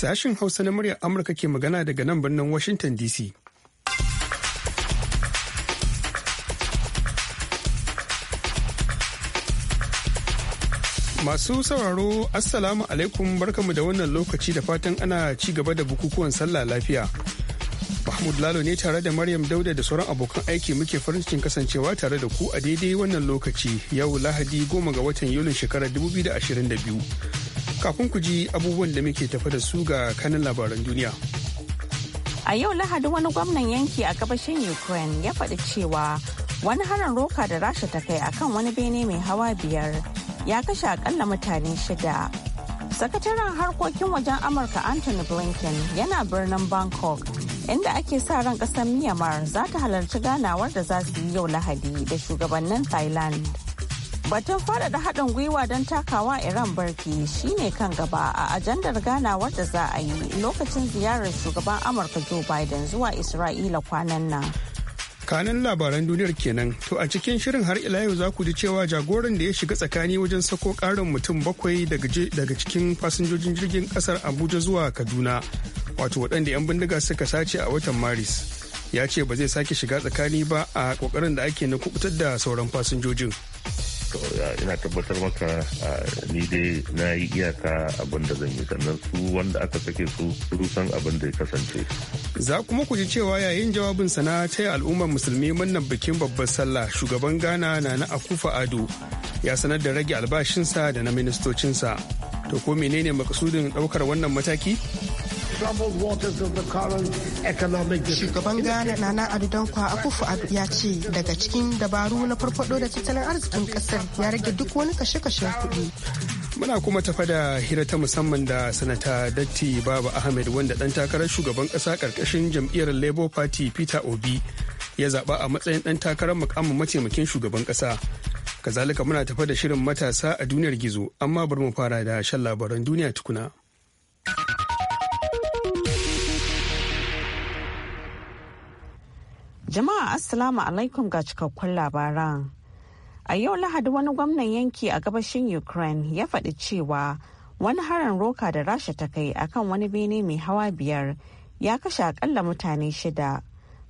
sashen Hausa na muryar Amurka ke magana daga nan birnin Washington DC. Masu sauraro Assalamu alaikum barkamu da wannan lokaci da fatan ana ci gaba da bukukuwan sallah lafiya. Mahmud Lalo ne tare da Maryam Dauda da sauran abokan aiki muke farin cikin kasancewa tare da ku a daidai wannan lokaci yau Lahadi goma ga watan Yulin shekarar 2022. Kafin ku ji abubuwan da muke tafa da su ga kanin labaran duniya. A yau Lahadi wani gwamnan yanki a gabashin Ukraine ya faɗi cewa wani harin roka da rasha ta kai akan wani bene mai hawa biyar ya kashe akalla mutane shida. Sakataren harkokin wajen Amurka Anthony Blinken yana birnin Bangkok inda ake sa ran ƙasar Myanmar za ta halarci ganawar da za su yi yau Lahadi da shugabannin Thailand. Batun faɗaɗa haɗin gwiwa don takawa Iran barki shine kan gaba a ajandar ganawar da za a yi lokacin ziyarar shugaban Amurka Joe Biden zuwa Isra'ila kwanan nan. Kanin labaran duniyar kenan, to a cikin shirin har ila yau za ku ji cewa jagoran da ya shiga tsakani wajen sako ƙarin mutum bakwai daga cikin fasinjojin jirgin ƙasar Abuja zuwa Kaduna, wato waɗanda 'yan bindiga suka sace a watan Maris. Ya ce ba zai sake shiga tsakani ba a ƙoƙarin da ake na kubutar da sauran fasinjojin. ina tabbatar maka ni dai na yi iyaka abin da zan yi sannan su wanda aka sake su san abin da ya kasance za kuma ku ji cewa yayin jawabin sana ta al'ummar musulmi wannan bikin babbar sallah shugaban ghana na na akufa ado ya sanar da rage albashinsa da na ministocinsa to ko menene makasudin daukar wannan mataki Shugaban Ghana Nana Adu Dankwa Akufo Ado ya ce daga cikin dabaru na farfado da tattalin arzikin kasar ya rage duk wani kashe kashe kuɗi. Muna kuma tafa da hira ta musamman da sanata Datti Baba Ahmed wanda dan takarar shugaban ƙasa karkashin jam'iyyar Labour Party Peter Obi ya zaba a matsayin dan takarar mukamin mataimakin shugaban ƙasa. Kazalika muna tafa da shirin matasa a duniyar gizo amma bari mu fara da shan labaran duniya tukuna. Jama'a Assalamu alaikum ga cikakkun labaran. A yau Lahadi wani gwamnan yanki a gabashin Ukraine ya faɗi cewa wani harin roka da rasha ta kai akan wani bene mai hawa biyar ya kashe akalla mutane shida.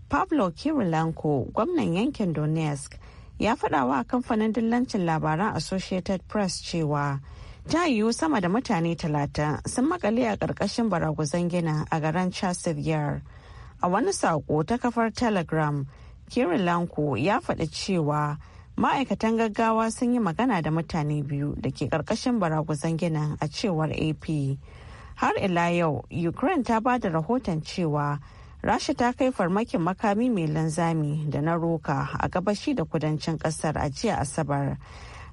Pablo Kirilenko, gwamnan yankin Donetsk, ya faɗa wa kamfanin dillancin labaran Associated Press cewa ta yiwu sama da mutane talatin sun makale a ƙarƙashin baraguzan gina a garin Chasivyar. A wani saƙo ta kafar Telegram, lanko ya faɗi cewa ma'aikatan gaggawa sun yi magana da mutane biyu da ke ƙarƙashin baraguzan ginin a cewar AP. Har ila yau, Ukraine ta ba da rahoton cewa Rasha ta kai farmakin makami mai linzami da na roka a gabashi da kudancin kasar a jiya Asabar.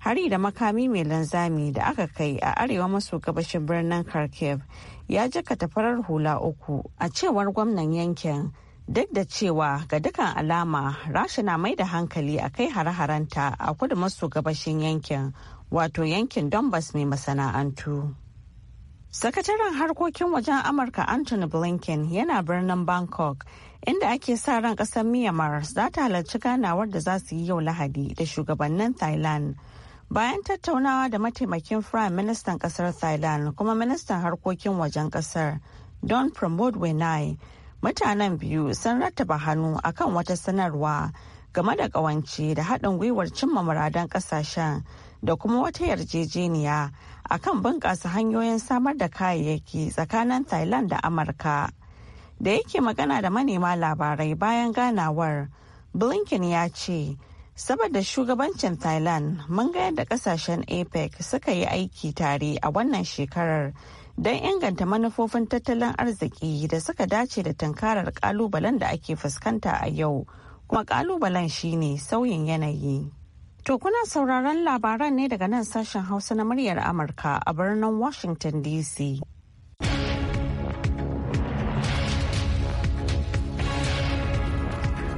Hari da makami mai linzami da aka kai a arewa maso gabashin birnin Kharkiv ya jakata tafarar hula uku a cewar gwamnan yankin duk da cewa ga dukan alama rasha na mai da hankali a kai hare-harenta a kudu maso gabashin yankin wato yankin donbass mai masana'antu sakataren harkokin wajen amurka anthony blinken yana birnin bangkok inda ake sa ran kasar myanmar za ta halarci ganawar da za su yi yau lahadi da shugabannin thailand bayan tattaunawa da mataimakin firayim ministan kasar thailand kuma ministan harkokin wajen kasar don promote wenai mutanen biyu sun rattaba hannu akan wata sanarwa game da ƙawance da haɗin gwiwar cimma muradan ƙasashen da kuma wata yarjejeniya akan bunƙasa hanyoyin samar da kayayyaki tsakanin thailand da amurka da yake magana da manema labarai bayan ganawar blinken ya ce saboda shugabancin thailand mun ga yadda kasashen apec suka yi aiki tare a wannan shekarar don inganta manufofin tattalin arziki da suka dace da tunkarar kalubalen da ake fuskanta a yau kuma kalubalen shine sauyin yanayi to kuna sauraron labaran ne daga nan sashen hausa na muryar amurka a birnin washington dc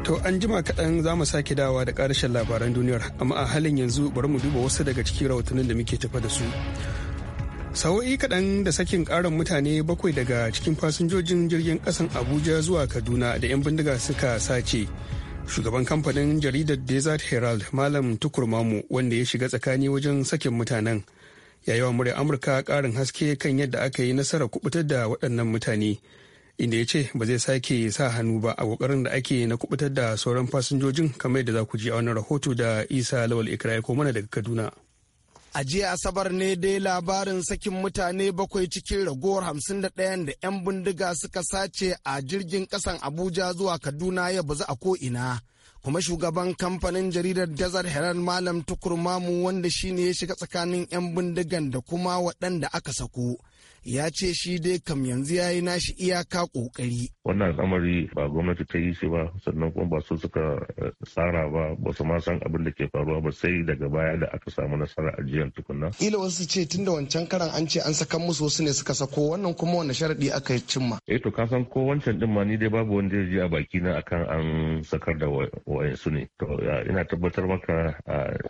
To an jima kaɗan za mu sake dawa da ƙarshen labaran duniyar, amma a halin yanzu bari mu duba wasu daga cikin rahotannin da muke tafa da su. Sawo'i kaɗan da sakin ƙarin mutane bakwai daga cikin fasinjojin jirgin ƙasan Abuja zuwa Kaduna da 'yan bindiga suka sace. Shugaban kamfanin jaridar Desert Herald Malam tukurmamu wanda ya shiga tsakani wajen sakin mutanen. Ya wa murya Amurka ƙarin haske kan yadda aka yi nasarar kubutar da waɗannan mutane. inda ya ce ba zai sake sa hannu ba a kokarin da ake na kubutar da sauran fasinjojin kamar yadda za ku ji a wannan rahoto da isa lawal ikirai ko mana daga kaduna a jiya asabar ne dai labarin sakin mutane bakwai cikin ragowar hamsin da ɗayan da 'yan bindiga suka sace a jirgin kasan abuja zuwa kaduna ya bazu a ko ina kuma shugaban kamfanin jaridar desert herald malam tukur mamu wanda shine ya shiga tsakanin 'yan bindigan da kuma waɗanda aka sako ya ce shi dai kam yanzu ya yi nashi iyaka kokari. wannan al'amari ba gwamnati ta yi shi ba sannan kuma ba su suka eh, tsara ba ba su ma san abin da ke faruwa ba sai daga baya da aka samu nasara a jiyan tukunna. ila wasu ce tun da wancan karan an ce an sakan musu wasu ne suka sako wannan kuma wani sharaɗi aka yi cimma. eh to ka san ko wancan din ma ni dai babu wani ya a baki na akan an sakar da su ne to ina tabbatar maka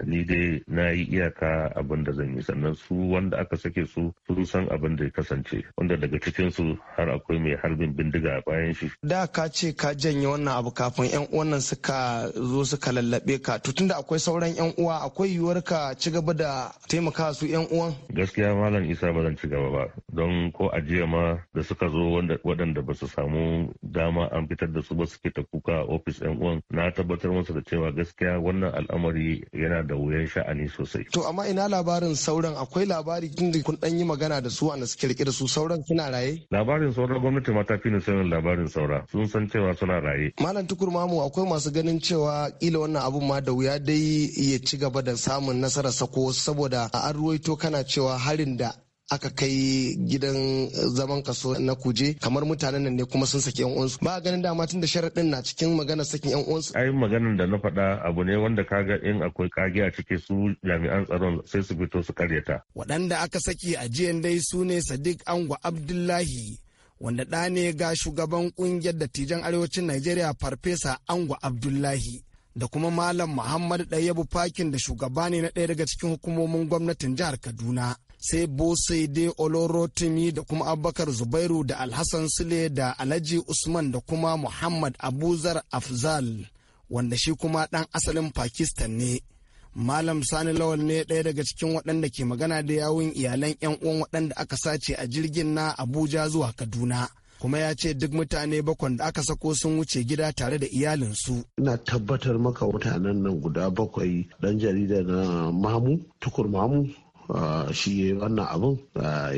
ni dai na yi iyaka abin da zan yi sannan su wanda aka sake su su san abin da ya kasance wanda daga cikinsu har akwai mai harbin bindiga a bayan shi. Da ka ce ka janye wannan abu kafin 'yan uwan suka zo suka lallabe ka to tunda akwai sauran 'yan uwa akwai yiwuwar ka ci gaba da taimaka su 'yan uwan. Gaskiya malam Isa ba zan ci gaba ba don ko a jiya ma da suka zo waɗanda ba su samu dama an fitar da su ba suke ta kuka a ofis 'yan uwan na tabbatar musu da cewa gaskiya wannan al'amari yana da wuyan sha'ani sosai. To amma ina labarin sauran akwai labari kun dan yi magana da su a suke rike da su sauran suna raye? Labarin sauran gwamnati ma ta fi ni sanin labarin saura sun san cewa suna raye. Malam tukur mamu akwai masu ganin cewa kila wannan abun ma da wuya dai ya ci gaba da samun nasarar sako saboda an ruwaito kana cewa harin da aka kai gidan eh, zaman kaso na kuje kamar mutanen nan ne kuma sun saki yan uwansu ba ganin dama tun da sharaɗin na cikin magana sakin yan uwansu ai maganar da na faɗa abu ne wanda kaga in akwai kage a ciki su jami'an tsaron sai su fito su karyata waɗanda aka saki a jiyan dai su ne sadiq angwa abdullahi wanda ɗa ne ga shugaban ƙungiyar dattijan arewacin najeriya farfesa angwa abdullahi da kuma malam muhammad ɗayyabu fakin da shugaba ne na ɗaya daga cikin hukumomin gwamnatin jihar kaduna sai oloro Olorotimi da kuma Abubakar Zubairu da Alhassan Sule da Alhaji Usman da kuma Muhammad Abuzar Afzal wanda shi kuma dan asalin Pakistan ne. Malam Sani Lawal ne ɗaya daga cikin waɗanda ke magana da yawun iyalan 'yan uwan waɗanda aka sace a jirgin na Abuja zuwa Kaduna. kuma ya ce duk mutane bakwai da aka sako sun wuce gida tare da iyalinsu. Ina tabbatar maka mutanen nan guda bakwai dan jarida na Mamu, Tukur Mamu shi wannan abin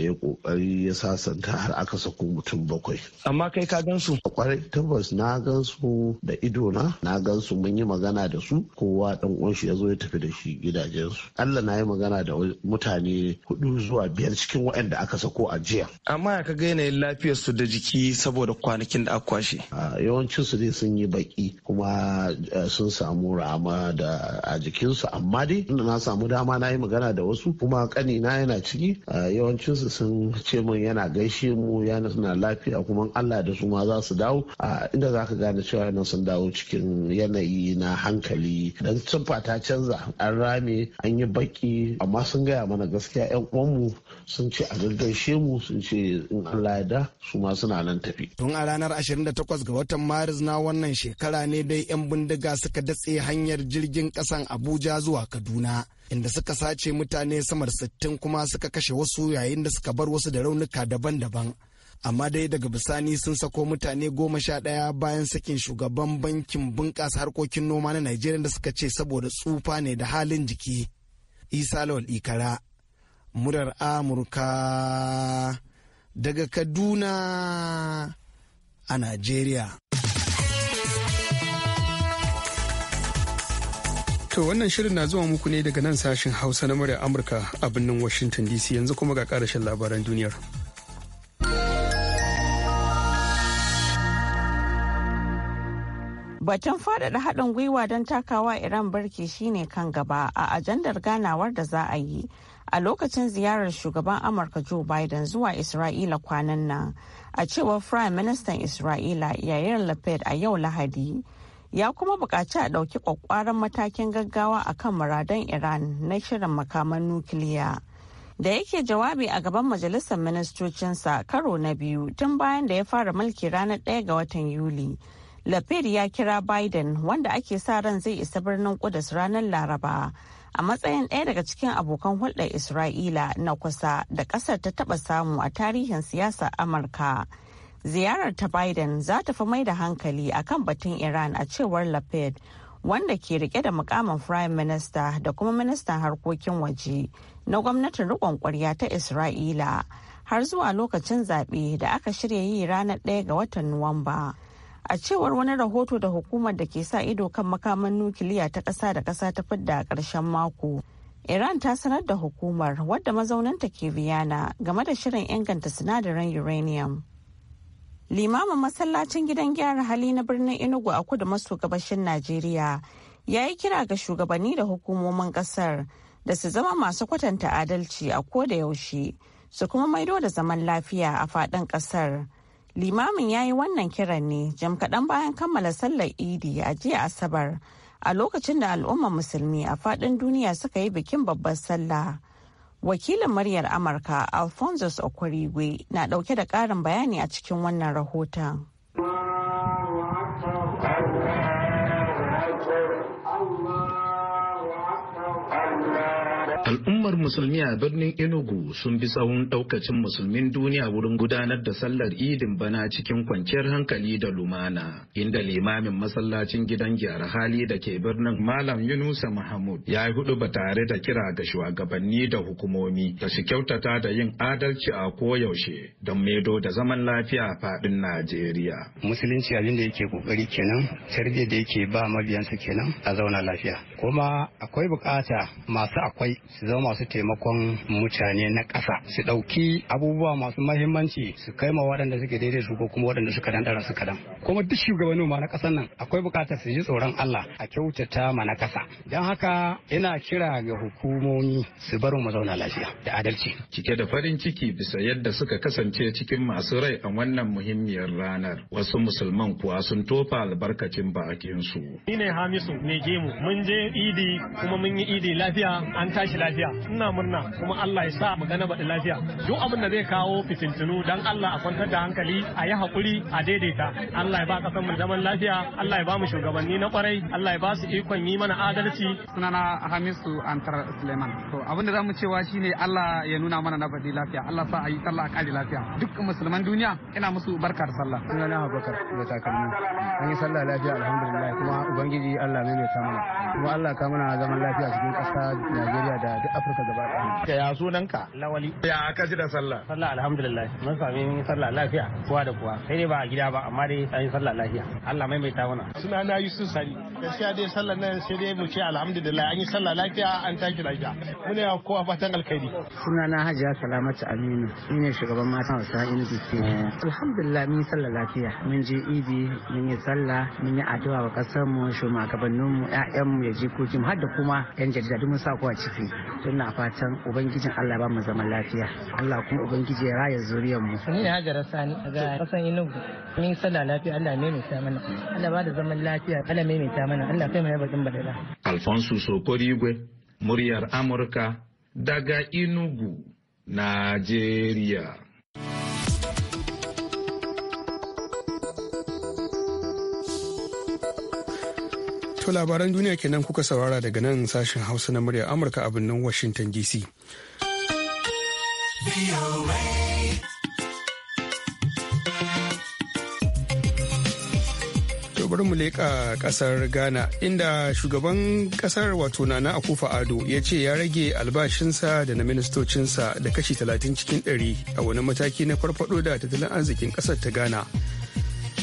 ya kokari ya sasanta har aka sako mutum bakwai amma kai ka gan A kwarai tabbas na gan su da idona na gan su mun yi magana da su kowa dan uwan shi ya zo ya tafi da shi gidajensu Allah na yi magana da mutane hudu zuwa biyar cikin waɗanda aka sako a jiya amma ya ga yanayin lafiyar su da jiki saboda kwanakin da aka kwashe yawancin su dai sun yi baki kuma sun samu rama da a jikinsu amma dai na samu dama na yi magana da wasu kuma kuma kanina yana ciki a yawancinsu sun ce min yana gaishe mu yana suna lafiya kuma allah da su ma za su dawo a inda za ka gane cewa yana sun dawo cikin yanayi na hankali dan sun ta canza an rame an yi baki amma sun gaya mana gaskiya yan uwanmu sun ce a gaggaishe mu sun ce in allah ya da su ma suna nan tafi tun a ranar 28 ga watan maris na wannan shekara ne dai yan bindiga suka datse hanyar jirgin kasan abuja zuwa kaduna inda suka sace mutane sama da sittin kuma suka kashe wasu yayin da suka bar wasu da raunuka daban-daban amma dai daga bisani sun sako mutane goma sha ɗaya bayan sakin shugaban bankin bunƙasa harkokin noma na Najeriya da suka ce saboda tsufa ne da halin jiki. Isa Lawal Ikara, murar Amurka daga Kaduna a Najeriya. To wannan shirin na zuwa muku ne daga nan sashen Hausa na murya Amurka a birnin Washington DC yanzu kuma ga karashin labaran duniyar. Batun faɗaɗa haɗin gwiwa don takawa Iran barki shine kan gaba a ajandar ganawar da za a yi a lokacin ziyarar shugaban Amurka Joe Biden zuwa Isra'ila kwanan nan a cewar Prime Minister Isra'ila yayin Lapid a yau Lahadi. ya kuma bukaci a ɗauki kwakwaran matakin gaggawa a kan muradan iran na shirin makaman nukiliya da yake jawabi a gaban majalisar ministocinsa karo na biyu tun bayan da ya fara mulki ranar 1 ga watan yuli lafir ya kira biden wanda ake sa ran zai isa birnin kudus ranar laraba a matsayin ɗaya daga cikin abokan hulɗar isra'ila na kusa da ƙasar ta taɓa samu a tarihin siyasar amurka. ziyarar ta biden za ta fi mai da hankali a kan batun iran a cewar lapid wanda ke rike da mukamin prime minister da kuma ministan harkokin waje na gwamnatin rikon kwarya ta isra'ila har zuwa lokacin zaɓe da aka shirya yi ranar ɗaya ga watan nuwamba a cewar wani rahoto da hukumar da ke sa ido kan makaman nukiliya ta ƙasa da ƙasa ta fidda a ƙarshen mako iran ta sanar da hukumar wadda mazauninta ke biyana game da shirin inganta sinadarin uranium limamin masallacin gidan gyara hali na birnin enugu a kudu maso gabashin najeriya ya yi kira ga shugabanni da hukumomin kasar da su zama masu kwatanta adalci a ko da yaushe su kuma maido da zaman lafiya a fadin kasar. limamin ya yi wannan kiran ne jam kaɗan bayan kammala sallar idi a jiya asabar a lokacin da al'ummar musulmi a fadin duniya suka yi bikin babbar sallah Wakilin muryar Amurka Alphonsus okwarigwe na dauke da ƙarin bayani a cikin wannan rahoton. Allah Al'ummar musulmi a birnin Enugu sun bi tsawon ɗaukacin musulmin duniya wurin gudanar da sallar idin bana cikin kwanciyar hankali da lumana, inda limamin masallacin gidan gyara hali da ke birnin Malam Yunusa Mahmud ya yi hudu ba tare da kira ga shugabanni da hukumomi da su kyautata da yin adalci a koyaushe don medo da zaman lafiya a faɗin Najeriya. Musulunci abin da yake kokari kenan, tarbiyyar da yake ba mabiyansa kenan a zauna lafiya. Kuma akwai bukata masu akwai su zama masu taimakon mutane na ƙasa su ɗauki abubuwa masu mahimmanci su kai ma waɗanda suke daidai su ko kuma waɗanda suka dandara su kadan kuma duk shugabanni ma na ƙasar nan akwai buƙatar su ji tsoron Allah a kyautata ma na ƙasa don haka ina kira ga hukumomi su bar mu zauna lafiya da adalci cike da farin ciki bisa yadda suka kasance cikin masu rai a wannan muhimmiyar ranar wasu musulman kuwa sun tofa albarkacin bakin su ni ne Hamisu ne gemu mun je idi kuma mun yi idi lafiya an tashi lafiya lafiya ina murna kuma Allah ya sa magana ga na baɗi lafiya duk abin da zai kawo fitintunu dan Allah a kwantar da hankali a yi hakuri a daidaita Allah ya ba kasan mu zaman lafiya Allah ya ba mu shugabanni na kwarai Allah ya ba su ikon yi mana adalci sunana Hamisu Antar Suleiman to abin da zamu cewa shine Allah ya nuna mana na baɗi lafiya Allah sa a yi sallah a kare lafiya duk musulman duniya ina musu barka da sallah sunana Abubakar da takalmi an yi sallah lafiya alhamdulillah kuma ubangiji Allah ne mai mana kuma Allah ka muna zaman lafiya cikin ƙasa Najeriya da da duk Afirka gaba ɗaya. Ka sunan ka Lawali. Ya ka ji da sallah? Sallah alhamdulillah. Mun sami sallah lafiya kowa da kowa. Sai dai ba a gida ba amma dai an yi sallah lafiya. Allah maimaita mana. Suna na yi sun Sani. Gaskiya dai sallah nan sai dai mu ce alhamdulillah an yi sallah lafiya an tashi lafiya. Muna yawa kowa fatan alkhairi. Suna na Hajiya Salamatu Aminu. Ni ne shugaban mata Hausa Indiki. Alhamdulillah mun yi sallah lafiya. Mun je Idi mun yi sallah mun yi addu'a wa mu shugabanninmu mu ya jikokin har da kuma 'yan jarida duk mun sa kowa ciki. to ina fatan ubangijin Allah ba mu zaman lafiya Allah kuma ubangiji ya raya zuriyar mu ni ne hajara sani daga kasan inugu min sallah lafiya Allah ne mai ta mana Allah ba da zaman lafiya Allah ne mai ta mana Allah kai mai bakin badala Alfonso Sokorigwe muryar Amurka daga Inugu Najeriya To labaran duniya kenan kuka saurara daga nan sashen Hausa na murya Amurka a birnin Washington DC. bar mu leƙa ƙasar ghana inda shugaban ƙasar wato nana akufa ado ya ce ya rage albashinsa da na ministocinsa da kashi 30 cikin 100 a wani mataki na farfado da tattalin arzikin ƙasar ta ghana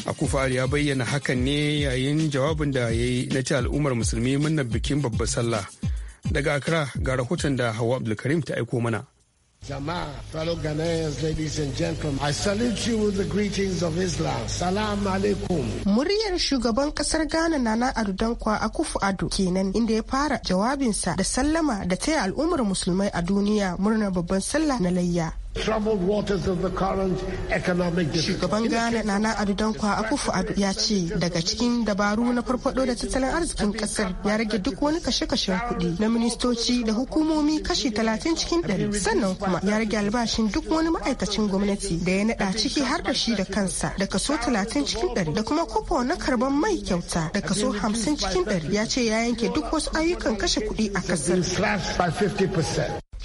akufari ya bayyana hakan ne yayin jawabin da ya yi na ci al'ummar musulmi murnar bikin babbar sallah daga accra ga rahoton da hawa abdulkarim ta aiko mana Jama'a, fellow Ghanaians, ladies and I salute with the greetings of Islam. Salam Muryar shugaban kasar Ghana Nana Ado Dankwa Akufu Ado kenan inda ya fara jawabinsa da sallama da taya al'ummar musulmai a duniya murnar babban sallah na layya. Shugaban Ghana Nana Adu Dankwa Akufo Adu ya ce daga cikin dabaru na farfado da tattalin arzikin kasar ya rage duk wani kashe-kashen kuɗi na ministoci da hukumomi kashi talatin cikin ɗari sannan kuma ya rage albashin duk wani ma'aikacin gwamnati da ya naɗa ciki har da shi da kansa da kaso talatin cikin ɗari da kuma kofa na karban mai kyauta da kaso hamsin cikin ɗari ya ce ya yanke duk wasu ayyukan kashe kuɗi a kasar.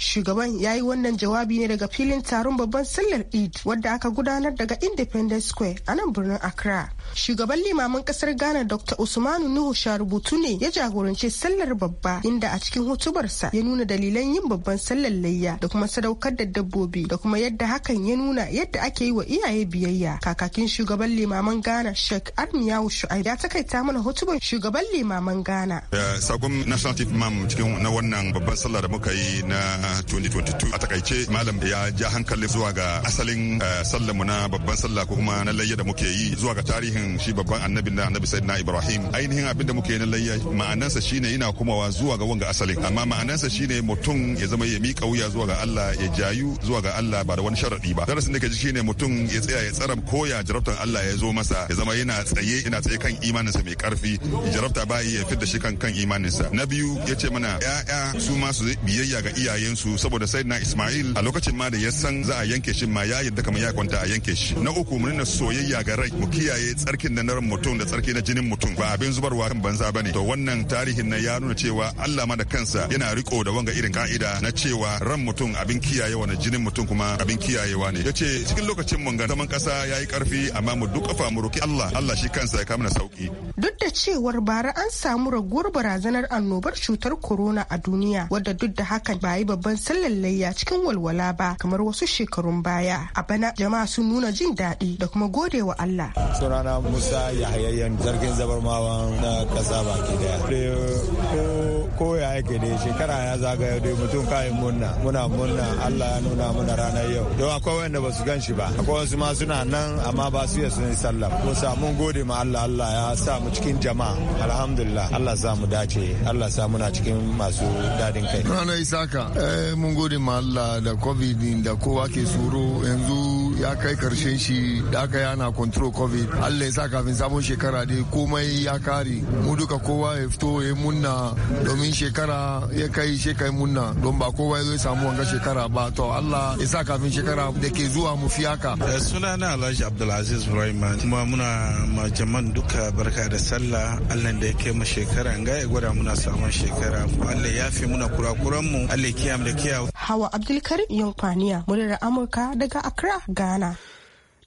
Shugaban ya yi wannan jawabi ne daga filin taron babban sallar Eid wadda aka gudanar daga Independence Square a nan birnin Accra. Shugaban limamin kasar Ghana Dr. Usmanu Nuhu Sharubutu ne ya jagoranci sallar babba inda a cikin hutubarsa ya nuna dalilan yin babban sallar layya da kuma sadaukar da dabbobi da kuma yadda hakan ya nuna yadda ake yi wa iyaye biyayya. Kakakin shugaban limaman Ghana Sheikh Armiyawu Shu'aib ya takaita mana hutubar shugaban limaman Ghana. Eh, sakon National Chief Imam cikin na wannan babban sallar da muka yi na 2022 a takaice malam ya ja hankali zuwa ga asalin eh, mu na babban sallah ko kuma na layya da muke yi zuwa ga tarihin shi babban annabi na annabi sayyidina ibrahim ainihin abin da muke na layya ma'anansa shine yana komawa zuwa ga wanga asalin amma ma'anansa shine mutum ya zama ya miƙa wuya zuwa ga Allah ya jayu zuwa ga Allah ba da wani sharadi ba darasin da ke ji shine mutum ya tsaya ya tsara ko ya jarabtan Allah ya zo masa ya zama yana tsaye yana tsaye kan imaninsa mai karfi jarabta ba ya fitar da shi kan kan imaninsa na biyu ya ce mana ya'ya su ma su biyayya ga iyayensu su saboda sai na Ismail a lokacin ma da ya san za a yanke shi ma ya yadda kamar ya kwanta a yanke shi na uku mun na soyayya ga rai mu kiyaye tsarkin da naran mutum da tsarki na jinin mutum ba abin zubarwa kan banza bane to wannan tarihin na ya nuna cewa Allah ma da kansa yana riko da wanga irin ka'ida na cewa ran mutum abin kiyayewa na jinin mutum kuma abin kiyayewa ne yace cikin lokacin mun ga zaman kasa yayi karfi amma mu duk kafa mu roki Allah Allah shi kansa ya kama sauki duk da cewar bara an samu raguwar barazanar annobar cutar corona a duniya wadda duk da hakan ba yi babban sallar layya cikin walwala ba kamar wasu shekarun baya a bana jama'a sun nuna jin daɗi da kuma gode wa Allah. sunana musa yahayayyan zargin zabarmawa na ƙasa baki daya ko ya yake dai shekara ya zagaya dai mutum kayan murna muna murna Allah ya nuna mana ranar yau don akwai wanda ba su gan shi ba akwai wasu ma suna nan amma ba su iya sun sallah ko samu gode ma Allah Allah ya sa mu cikin jama'a alhamdulillah Allah sa mu dace Allah sa muna cikin masu dadin kai. ranar Isaka eh, mun gode ma Allah da COVID da kowa ke suru yanzu ya kai karshen shi da aka yi control covid allah ya sa kafin sabon shekara dai komai ya kare mu duka kowa ya fito ya munna domin shekara ya kai shekai munna don ba kowa ya zo ya samu wanga shekara ba to allah ya sa kafin shekara da ke zuwa mu fiyaka eh, sunana alhaji abdulaziz ibrahim kuma muna ma jama'an duka barka da sallah allah da ya kai mu shekara ga ya gwada muna samun shekara allah ya fi muna kurakuran mu allah ya kiyam da kiyawa. hawa abdulkarim yankwaniya murar amurka daga accra ga ghana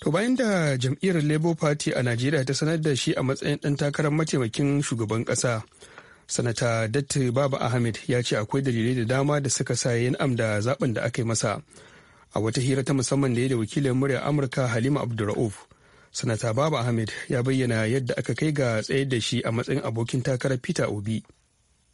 to bayan da jam'iyyar labour party a najeriya ta sanar da shi a matsayin ɗan takarar mataimakin shugaban ƙasa sanata datti baba ahmed ya ce akwai dalilai da dama da suka sa yin am da zaben da aka yi masa a wata hira ta musamman da ya da wakilin murya amurka halima abdulra'uf sanata baba ahmed ya bayyana yadda aka kai ga tsayar da shi a matsayin abokin takarar peter obi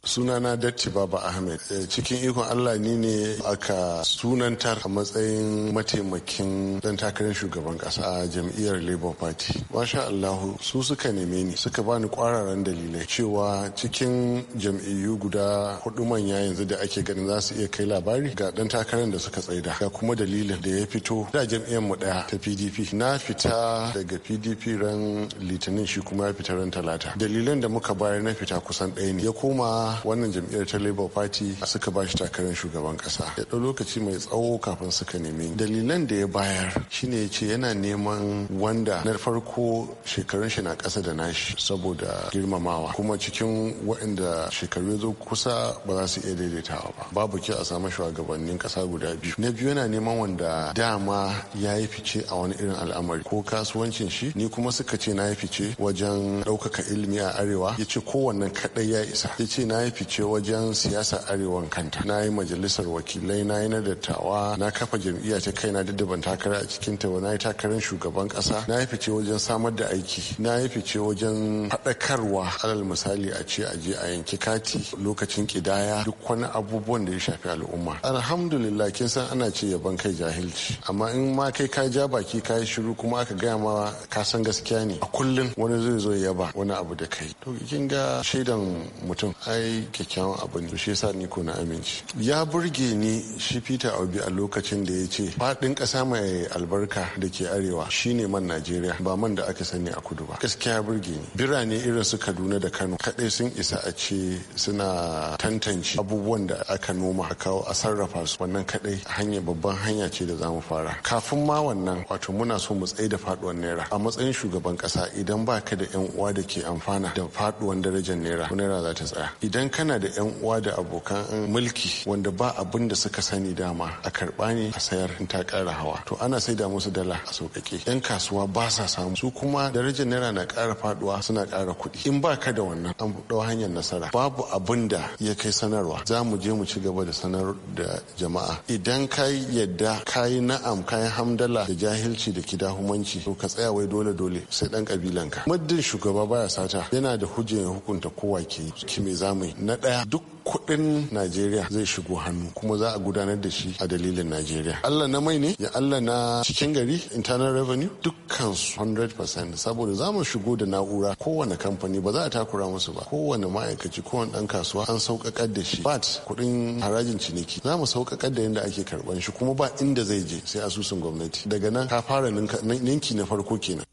sunana datti baba ahmed eh, cikin ikon allah ni ne aka sunantar a matsayin mataimakin dan takarar shugaban kasa a jam'iyyar labour party masha allahu su suka neme ni suka bani kwararan dalilai cewa cikin jam'iyyu guda hudu manya yanzu da ake ganin za su iya kai labari ga dan takarar da suka tsaida ga kuma dalilin da ya fito da jam'iyyar mu daya ta pdp na fita daga pdp ran litinin shi kuma ya fita ran talata dalilan da muka bayar na fita kusan ɗaya ne ya koma wannan jam'iyyar ta labour party suka ba shi takarar shugaban kasa ya ɗau lokaci mai tsawo kafin suka nemi dalilan da ya bayar shine ya ce yana neman wanda na farko shekarun shi na kasa da nashi saboda girmamawa kuma cikin waɗanda shekaru ya zo kusa ba za su iya daidaitawa ba babu kyau a samu shugabannin ƙasa guda biyu na biyu yana neman wanda dama ya yi fice a wani irin al'amari ko kasuwancin shi ni kuma suka ce na yi fice wajen ɗaukaka ilimi a arewa ya ce kowannan kaɗai ya isa ya ce na na yi fice wajen siyasa arewan kanta na yi majalisar wakilai na yi na dattawa na kafa jam'iyya ta kaina duk da ban takara a cikin ta na yi takarar shugaban kasa na yi fice wajen samar da aiki na yi fice wajen faɗakarwa alal misali a ce a je a yanki kati lokacin kidaya duk wani abubuwan da ya shafi al'umma alhamdulillah kin san ana ce yaban kai jahilci amma in ma kai ka ja baki ka yi shiru kuma aka gaya ma ka san gaskiya ne a kullum wani zai zo yaba wani abu da kai to kin ga shaidan mutum ai yi kyakkyawan abu ne shi yasa ni ko na aminci ya burge ni shi Peter Obi a lokacin da ya ce faɗin ƙasa mai albarka da ke arewa shine man Najeriya ba man da aka sani a kudu ba gaskiya burge ni birane irin su Kaduna da Kano kadai sun isa a ce suna tantance abubuwan da aka noma a kawo a sarrafa su wannan kaɗai hanya babban hanya ce da zamu fara kafin ma wannan wato muna so mu tsaye da faduwan naira a matsayin shugaban ƙasa idan baka da yan uwa da ke amfana da faduwan darajar naira naira za ta tsaya idan kana da yan uwa da abokan mulki wanda ba abin da suka sani dama a karba ne a sayar in ta kara hawa to ana saida musu dala a sauƙaƙe yan kasuwa ba sa samu su kuma darajar naira na ƙara faduwa suna kara kuɗi in ba ka da wannan an ɗau hanyar nasara babu abin da ya kai sanarwa za mu je mu ci gaba da sanar da jama'a idan ka yadda ka yi na'am ka yi hamdala da jahilci da kidahumanci to ka tsaya wai dole dole sai dan kabilanka muddin shugaba baya sata yana da hujjar hukunta kowa ke ki me zamu na ɗaya duk kuɗin Najeriya zai shigo hannu kuma za a gudanar da shi a dalilin Najeriya. Allah na mai ne ya Allah na cikin gari internal revenue dukkan 100% saboda za mu shigo da na'ura kowane kamfani ba za a takura musu ba kowane ma'aikaci kowane ɗan kasuwa an sauƙaƙar da shi bat kudin harajin ciniki za mu sauƙaƙar da yadda ake karban shi kuma ba inda zai je sai asusun gwamnati daga nan ka fara ninki na farko kenan.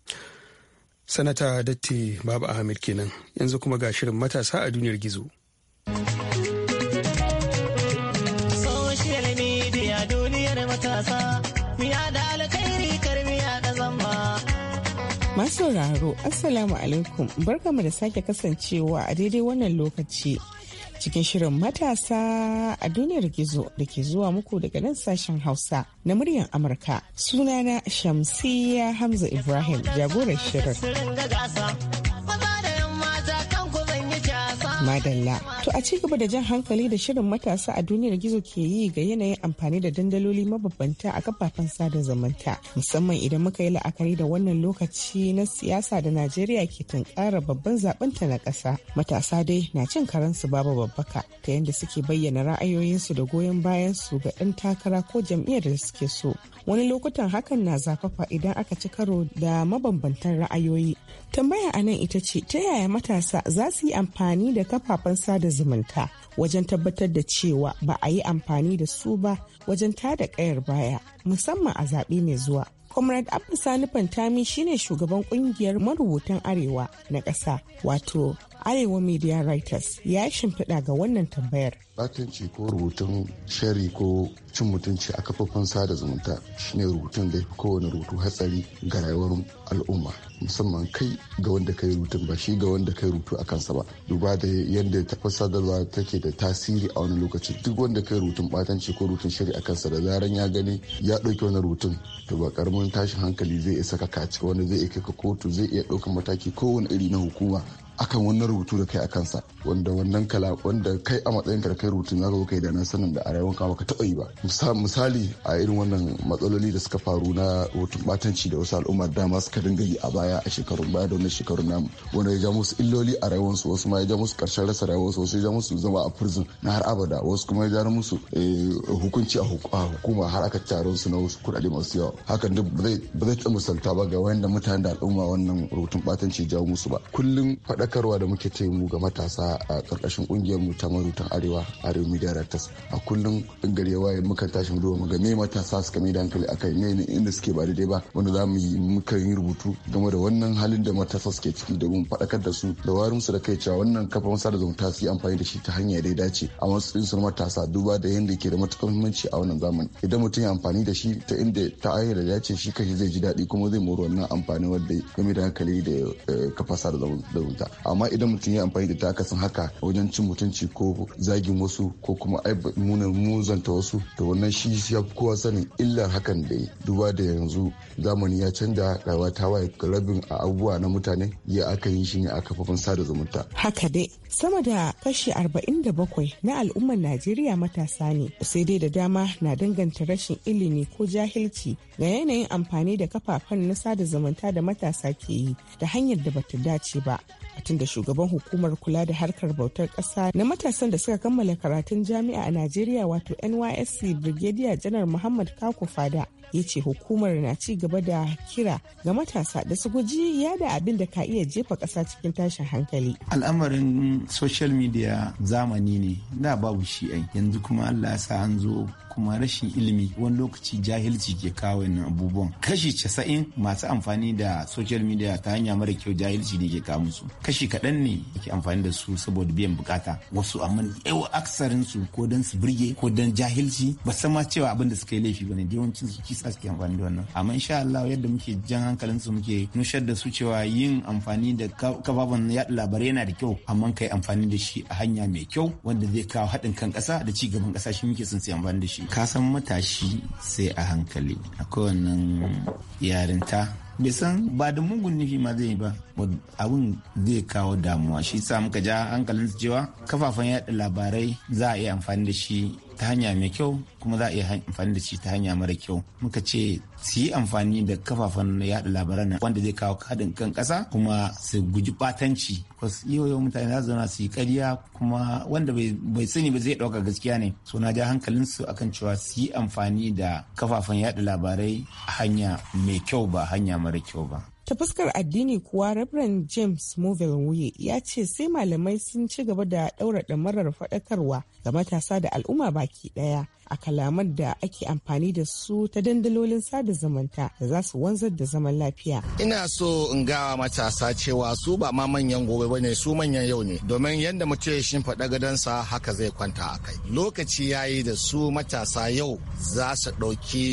Sanata Datti babu Ahmed kenan yanzu kuma ga shirin matasa a duniyar gizo. Masu sauraro, Assalamu alaikum, barkamu da sake kasancewa a daidai wannan lokaci. Cikin shirin matasa a duniyar gizo da ke zuwa muku daga nan sashen Hausa na muryar Amurka. Sunana Shamsiyya Hamza Ibrahim jagorar shirin. madalla. To a ci gaba da jan hankali da shirin matasa a duniyar gizo ke yi ga yanayin amfani da dandaloli mabambanta a kafafen sada zumunta musamman idan muka yi la'akari da wannan lokaci na siyasa da Najeriya ke tunkara babban zaben ta na ƙasa. Matasa dai na cin karansu babu babbaka ta yanda suke bayyana ra'ayoyinsu da goyon bayan su ga ɗan takara ko jam'iyyar da suke so. Wani lokutan hakan na zafafa idan aka ci karo da mabambantan ra'ayoyi. Tambaya a nan ita ce ta yaya matasa za su yi amfani da kafafen sada zumunta wajen tabbatar da cewa ba a yi amfani da su ba wajen tada kayar baya musamman a zaɓe mai zuwa. Comrade Abdu Sani Fantami shine shugaban kungiyar marubutan Arewa na ƙasa wato arewa media writers ya yi shimfiɗa ga wannan tambayar batanci ko rubutun shari ko cin mutunci a kafafen sada zumunta shine rubutun da ya kowane rubutu hatsari ga rayuwar al'umma musamman kai ga wanda kai rubutun ba shi ga wanda kai rubutu a kansa ba duba da yadda tafi sadarwa take da tasiri a wani lokaci duk wanda kai rubutun batanci ko rubutun shari a kansa da zaran ya gani ya ɗauki wani rubutun to ba karamin tashin hankali zai iya saka kaci wani zai iya ka kotu zai iya ɗaukan mataki kowane iri na hukuma akan wannan rubutu da kai a kansa wanda wannan kala wanda kai a matsayin ka kai rubutun zaka kai da na sanin da a rayuwar ka baka taɓa yi ba misali a irin wannan matsaloli da suka faru na rubutun batanci da wasu da dama suka dinga yi a baya a shekarun baya da wannan shekarun namu wanda ya ja musu illoli a su wasu ma ya ja musu karshen rasa su wasu ya ja musu zama a prison na har abada wasu kuma ya ja musu eh, hukunci a hukuma har aka taron su na wasu kuɗaɗe masu yawa hakan duk ba zai ta misalta ba ga wayan da da al'umma wannan rubutun batanci ya jawo musu ba kullum faɗa sadakarwa da muke ce mu ga matasa a ƙarƙashin kungiyar mu ta marutan arewa arewa media directors a kullum gari ya waye muka tashi mu mu ga me matasa suka mai da hankali akai me inda suke ba daidai ba wanda za mu yi muka yi rubutu game da wannan halin da matasa suke ciki mun faɗakar da su da warin su da kai cewa wannan kafa masa da zumunta su yi amfani da shi ta hanya da ya dace a matsayin su matasa duba da yadda ke da matukar muhimmanci a wannan zamani idan mutum ya amfani da shi ta inda ta hanyar da dace shi kashi zai ji daɗi kuma zai mori wannan amfani wadda game da hankali da eh, kafa da zumunta amma idan mutum ya amfani da ta haka wajen cin mutunci ko zagin wasu ko kuma nuna muzanta wasu to wannan shi ya fi kowa sanin illar hakan da duba da yanzu zamani ya canja rayuwa ta waye rabin a abubuwa na mutane ya aka yi shi ne a kafafen sada zumunta. Haka dai sama da kashi bakwai na al'ummar Najeriya matasa ne sai dai da dama na danganta rashin ilimi ko jahilci ga yanayin amfani da kafafen na sada zumunta da matasa ke yi ta hanyar da bata dace ba. Batun da shugaban hukumar kula da harkar bautar ƙasa na matasan da suka kammala karatun jami'a a Najeriya wato NYSC Brigadier Janar Muhammad Kako Fada ya ce hukumar na ci gaba da kira ga matasa da su guji yada abin da ka iya jefa ƙasa cikin tashin hankali. Al'amarin social media zamani ne da babu shi ai yanzu kuma Allah ya sa an zo kuma rashin ilimi wani lokaci jahilci ke kawo wannan abubuwan kashi casa'in masu amfani da social media ta hanya mara kyau jahilci ne ke kawo musu kashi kaɗan ne ke amfani da su saboda biyan bukata wasu amma yawa aksarin su ko don su birge ko don jahilci ba san ma cewa abin da suka yi laifi bane yawancin su kisa suke amfani da wannan amma insha Allah yadda muke jan hankalin su muke nushar da su cewa yin amfani da kafafen yaɗa labarai yana da kyau amma kai amfani da shi a hanya mai kyau wanda zai kawo haɗin kan ƙasa da ci gaban ƙasa shi muke son sai amfani da shi kasan matashi sai a hankali a kowannan yarinta bai san ba da mugun nufi ma zai ba abin zai kawo damuwa shi sa muka ja hankalin cewa kafafen yada labarai za a iya amfani da shi ta hanya mai kyau kuma za a iya amfani da shi ta hanya mara kyau muka ce su yi amfani da kafafen yada labaran wanda zai kawo haɗin kan kasa kuma su guji batanci yau mutane za su zauna su yi karya kuma wanda bai sani ba zai ɗauka gaskiya ne so na ja su akan cewa su yi amfani da kafafen yada labarai a hanya mai kyau ba hanya mara kyau ba ta fuskar addini kuwa Reverend James Movil Wuye ya ce sai malamai sun ci gaba da ɗaura marar faɗakarwa ga matasa da al'umma baki ɗaya a kalaman da ake amfani da su ta dandalolin sada zumunta da za su wanzar da zaman lafiya. Ina so in gawa matasa cewa su ba ma manyan gobe ba ne su manyan yau ne domin yadda mutum ya shimfiɗa gadonsa haka zai kwanta a kai. Lokaci ya yi da su matasa yau za su ɗauki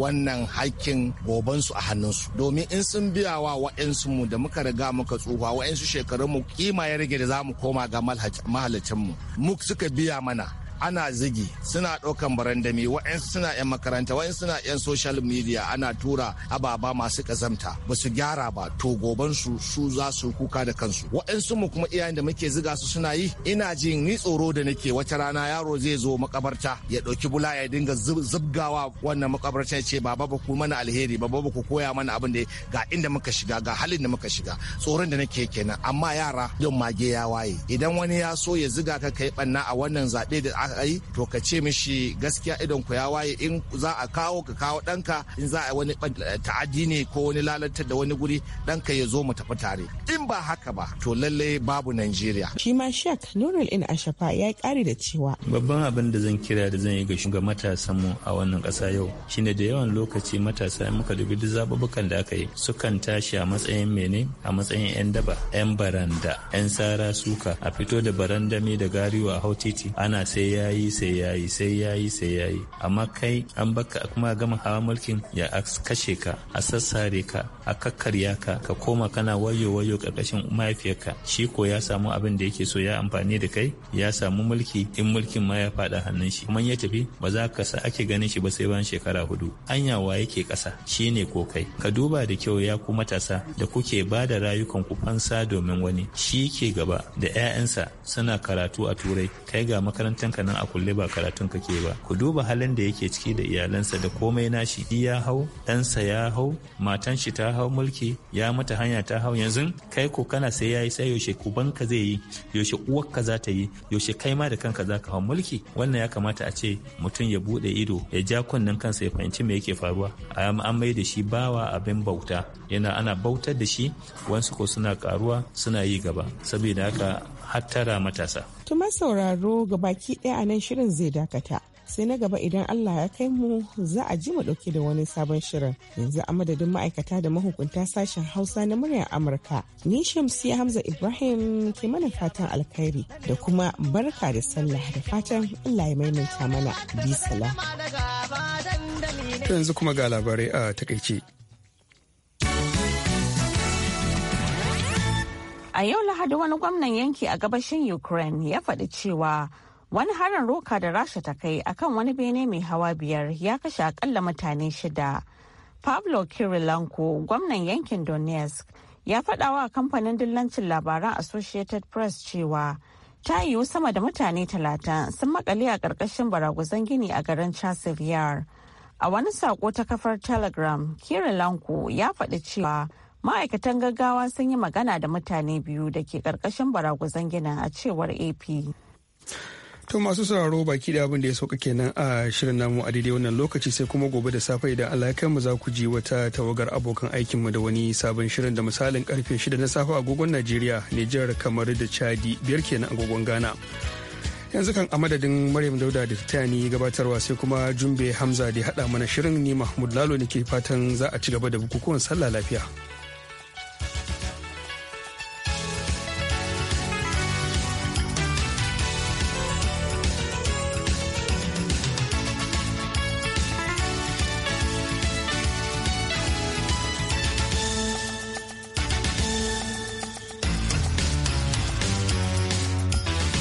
wannan hakkin gobansu a hannunsu domin in sun biya wa wa'yansu mu da muka riga muka tsufa wa'yansu shekarun mu kima ya rage da za mu koma ga mahalicin Mu muk suka biya mana ana zigi suna ɗaukan barandami wa'yansu suna 'yan makaranta wa'yansu suna 'yan social media ana tura ababa masu kazamta ba su gyara ba to goban su su za su kuka da kansu waɗansu mu kuma iyayen da muke ziga su suna yi ina jin ni tsoro da nake wata rana yaro zai zo makabarta ya ɗauki bula ya dinga zubgawa wannan makabarta ya ce baba ba ku mana alheri baba ba ku koya mana abin da ga inda muka shiga ga halin da muka shiga tsoron da nake kenan amma yara don mage ya waye idan wani ya so ya ziga ka kai banna a wannan zaɓe da aka. a yi to ka ce mishi gaskiya idon ku ya waye in za a kawo ka kawo danka in za a wani eh, ta'adi ne ko wani lalatar da wani guri danka ya zo mu tafi tare in ba haka ba to lalle babu Najeriya. Shi ma Shek Nurul In Ashafa ya kare da cewa. Babban abin da zan kira da zan yi ga shugaban matasan mu a wannan ƙasa yau shine da yawan lokaci matasa in muka dubi duk da aka yi sukan tashi a matsayin mene a matsayin 'yan daba 'yan baranda 'yan sara suka a fito da barandami da gariwa a hau titi ana sai ya yayi sai yayi sai yayi sai yayi amma kai an baka kuma gama hawa mulkin ya kashe ka a sassare ka a kakkarya ka ka koma kana wayo wayo karkashin mahaifiyarka shi ko ya samu abin da yake so ya amfani da kai ya samu mulki in mulkin ma ya fada hannun shi kuma ya tafi ba za ka sa ake ganin shi ba sai bayan shekara hudu anya wa yake kasa shine ko kai ka duba da kyau ya ku matasa da kuke ba da rayukan ku fansa domin wani shi ke gaba da 'ya'yansa suna karatu a turai kai ga makarantar haka nan a kulle ba karatun kake ba ku duba halin da yake ciki da iyalansa da komai nashi ya hau ɗansa ya hau matan shi ta hau mulki ya mata hanya ta hau yanzu kai ko kana sai yayi sai yaushe kubanka zai yi yaushe uwarka za ta yi yaushe kai ma da kanka za ka hau mulki wannan ya kamata a ce mutum ya bude ido ya ja kunnen kansa ya fahimci me yake faruwa a an mai da shi bawa abin bauta yana ana bautar da shi wasu ko suna karuwa suna yi gaba saboda haka hattara matasa. Tuma sauraro ga baki ɗaya a nan shirin zai dakata. sai na gaba idan Allah ya kai mu za a ji mu dauke da wani sabon shirin yanzu a madadin ma'aikata da mahukunta sashen Hausa na muryar Amurka ni Shamsi Hamza Ibrahim ke mana fatan alkhairi da kuma barka da sallah da fatan Allah ya maimaita mana bisala salam yanzu kuma ga labarai a takaice A yau Lahadi wani gwamnan yanki a gabashin Ukraine ya faɗi cewa wani harin roka da rasha ta kai akan wani bene mai hawa biyar ya kashe akalla mutane shida. Pablo Kirilenko, gwamnan yankin Donetsk, ya faɗawa kamfanin dillancin labaran Associated Press cewa ta yiwu sama da mutane talatin sun makale a ƙarƙashin baraguzan gini a garin Chasiviyar. A wani saƙo ta kafar Telegram, Kirilenko ya faɗi cewa ma'aikatan gaggawa sun yi magana da mutane biyu da ke karkashin baragwazon gina a cewar ap to masu sauraro baki da abin da ya sauka kenan a shirin namu a daidai wannan lokaci sai kuma gobe da safe idan Allah ya mu za ku ji wata tawagar abokan aikin mu da wani sabon shirin da misalin karfe 6 na safe agogon Najeriya, Nijar, kamar da Chadi biyar kenan agogon Ghana. yanzu kan a madadin maryam dauda da tayani gabatarwa sai kuma jumbe hamza da ya haɗa mana shirin ni mahmud lalo ne ke fatan za a ci gaba da bukukuwan sallah lafiya.